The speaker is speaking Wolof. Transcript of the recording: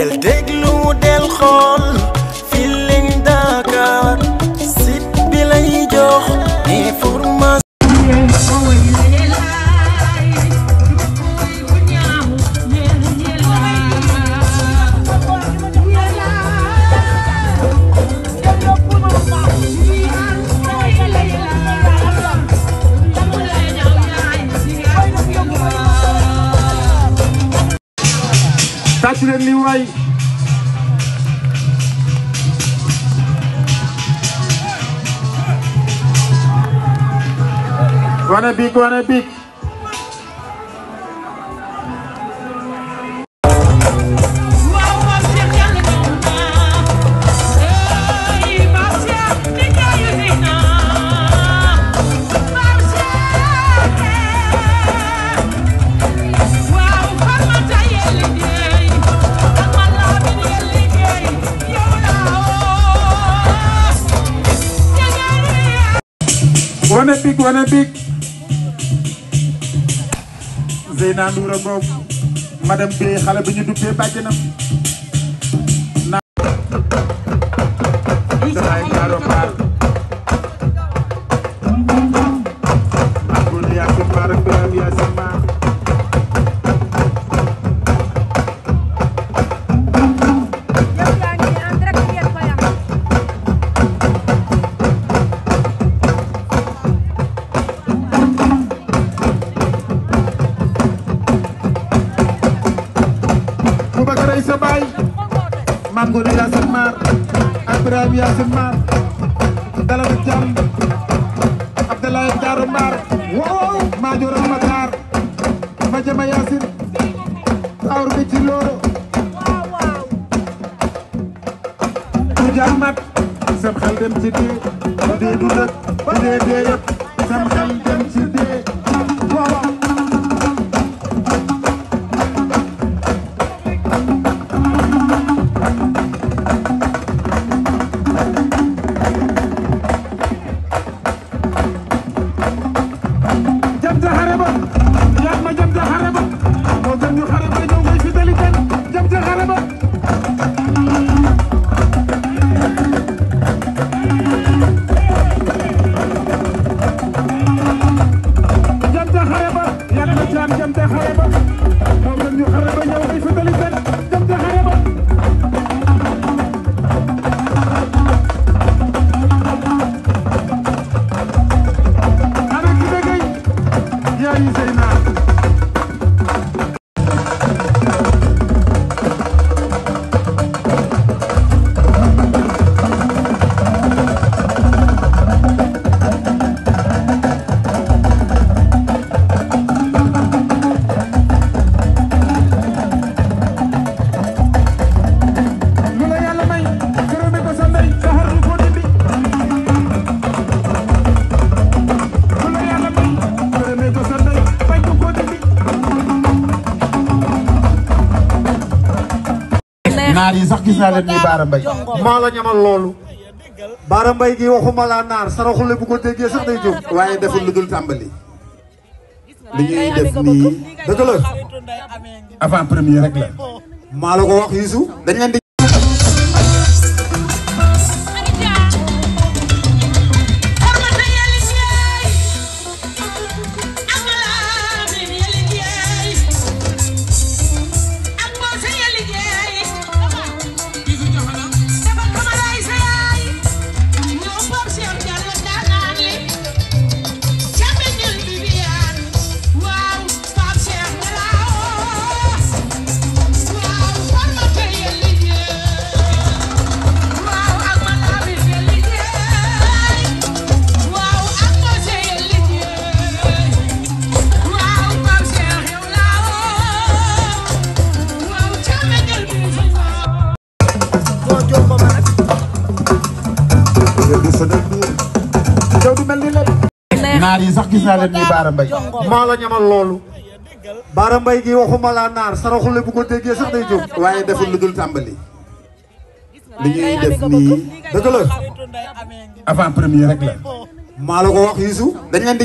del déglu del xool Feeling Dakar site bi lay jox information tàccu leen li waay wana big wana big Let's pick one and pick. Zeyna Ndour a ngoog madame Guèye xale bi ñu duppee bàjjenam. Abu Diassou Mbarré Birame Yacine Mar. sa baay maam Ngoné Yacine Mar Ibrahima Yacine Mar dalal ak jàmm Abdoulaye Diarra Mar waaw Madior Matar Madiama Yacine Taour bi ci looro du jàmmat sam xel dem ci dee bu dee du nag bu dee dee yëpp sam xel dem ci dee jam jam te xale ba moom la ñu xale ba ñëw naar yi sax gis naa leen ñuy Baara Mbaye maa la ñamal loolu Baara Mbaye gi waxuma laa naar saraxule bu ko déggee sax day jóg waaye deful lu dul tàmbali li ñuy def nii dëgg la avant première rek la maa la ko wax Youssou dañ leen naar yi sax gis naa leen ni Baara Mbaye maa la ñamal loolu Baara Mbaye gi waxuma laa naar saraxule bu ko déggee sax day jóg waaye deful lu dul tàmbali li ñuy def nii dëgg la avant première rek maa la ko wax Youssou dañ leen di